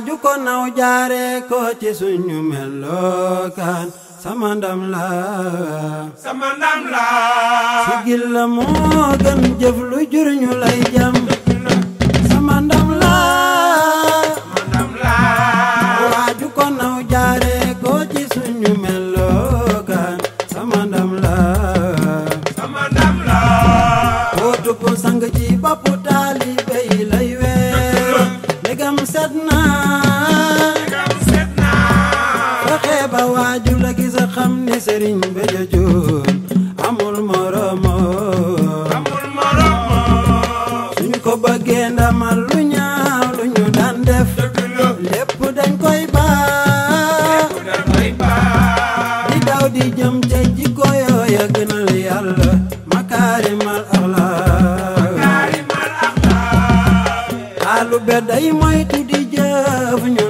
ju ko naw jaare ko ci suñu melokaan sama ndam la sama ndam la sigil la jëf lu jur ñu lay jam Sering ba amul moromo amul moromo suñ ko bëggee ndamal lu ñaaw lu ñu daan def lépp dañ koy baax di daw di jëm ca jikko yooya gënal yàlla makaarimal axlaaq lu be day jëf ñu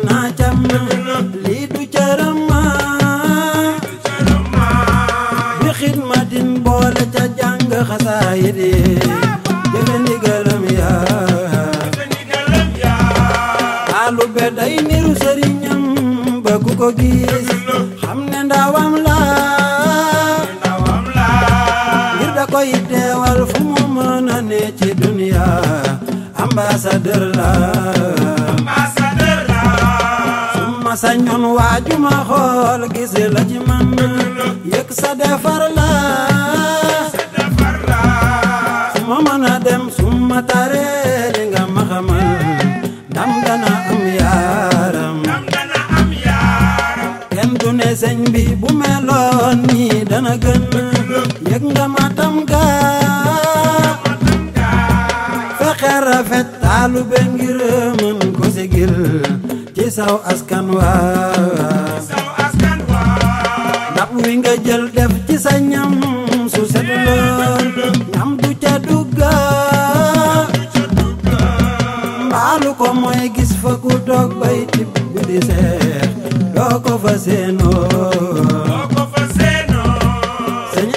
ko gis xam ne ndawam la ngir da koy deewal fu mu mën a ne ci duniya ambassadeur la suma sañoon waajuma xool gis la ci man yëg sa defar la gën a gën yëg nga matam ga fexe rafet taalu be ngir mën ko sigil ci saw askan wa ndab wi nga jël def ci sa ñam su set lool ñam du ca dugga mbaalu ko mooy gis fa ku toog bay tib di seex doo ko fa seenoo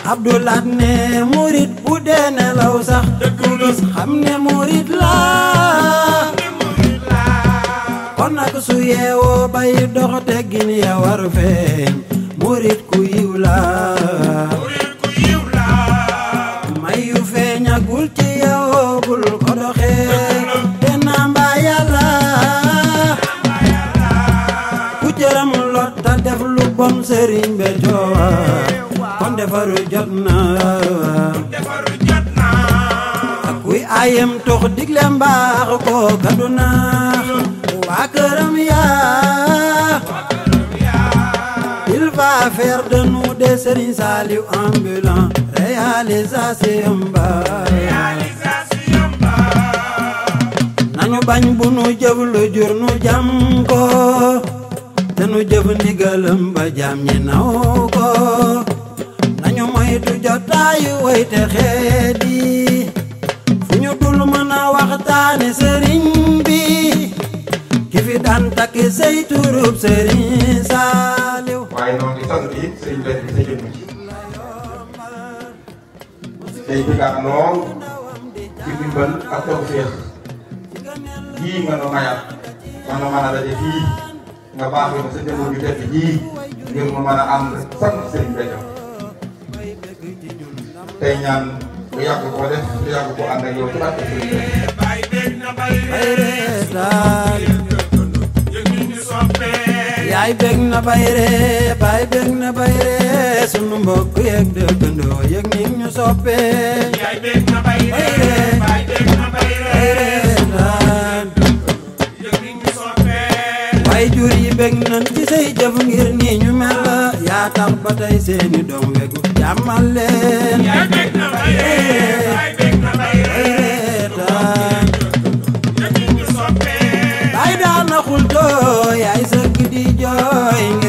Abdoulaat ne murit bu dee nelaw sax dëggul gis xam ne murit laa kon nag su yeewoo bay dox teggin ya war feeñ murit ku yiw laa may feeñagul ci yow ko doxee te namba yàlla ku jëram lot ta def lu bom sëriñ be joowa defaru jotna na defaru jot ak kuy ayem tox diglem mbaax ko gàddu wa waa ya yaa il va faire de nous des Serigne Saliou ambulants réalisation ba réalisation ba nanu bañ bu nu jëf jur nu jam ko te nu jëf ndigalam ba jam ñi naw ko mooy du jotaayu way te xedi fuñu dul mën bi ki fi daan takki turub sëriñ Saaliw waaye noonu ngi sant yi sëriñ bi sa jëmm ji tey bigaat noonu ci dimbal ak tawféex yii nga nu mayaat nga nu mën a daje nga baaxee sa ngir tey ñaan bu yàgg koo def bu yàgg koo ànd ak yow ci barke bi. yaay bég na bayre baay bég na bayre sunu mbokk yeeg dëkkandoo yeeg ni ñu soppee. yaay bég na bayre baay bég na bayre. way jur yi bég nan ci say jëf ngir nii ñu mel la yaa tax ba tey seeni doom wegu jàmmal leen yaay bég na bay reetaan bay daana xultoo yaay sëgg di jooy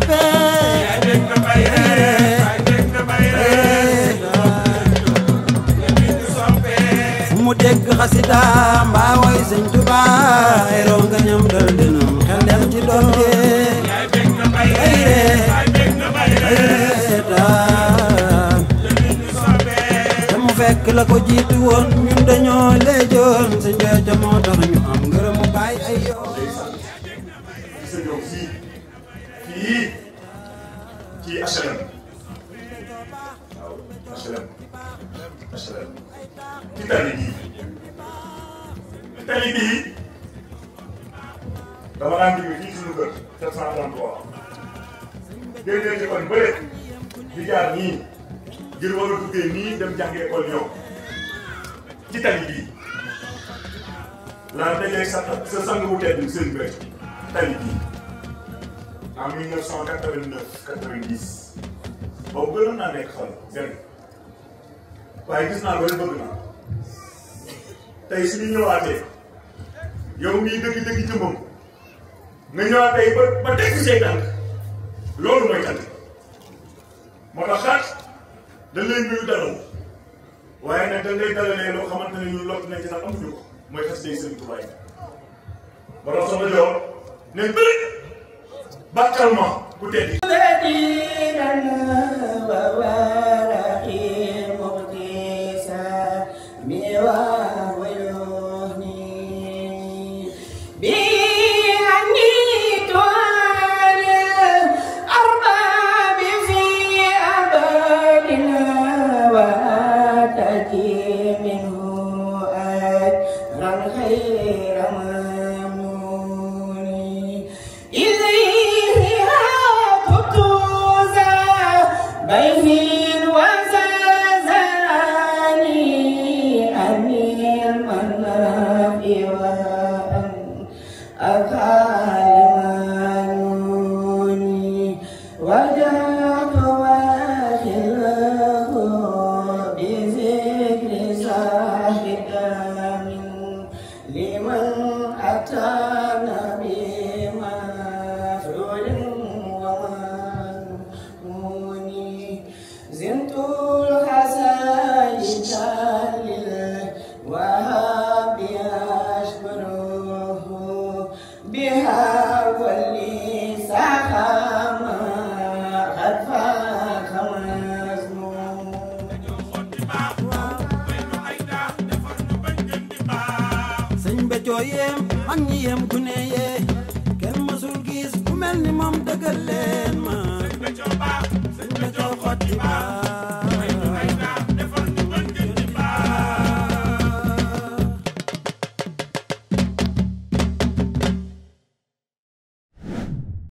xasida mbaa woy sëñ Tuba ay roo nga ñam dal dinam xel del ci doom ji yaay bég na bay re yaay bég na bay re te mu fekk la ko jiitu woon ñun dañoo leejoon sëñ Joojo moo tax ñu asalaam asalaam ci taalibe yi ci taalibe yi dama daan jóge fii suñu kër 733 déedéet ci kon bële jaar nii ngir war a duggee nii dem jàngi école ñëw ci tali bii laa dajeeg sa sa sang bu tedd seen bëri tali bii en 1989 90. boobu gënoon naa nekk xale benn waaye gis naa loolu bëgg naa tey su ñu ñëwaatee yow mii dëgg dëgg jëmmam nga ñëwaat ba ba teg say tànk loolu mooy tànk moo tax xaat dañ lay nuyu dalal waaye nag dañ lay dalalee loo xamante ne ñun nañ ci sax amuñu ko mooy xas day sëriñ Tuubaa yi ba tax sama joor ne bëri bàkkal ma gudde منه أجرا ఏవైనా 边。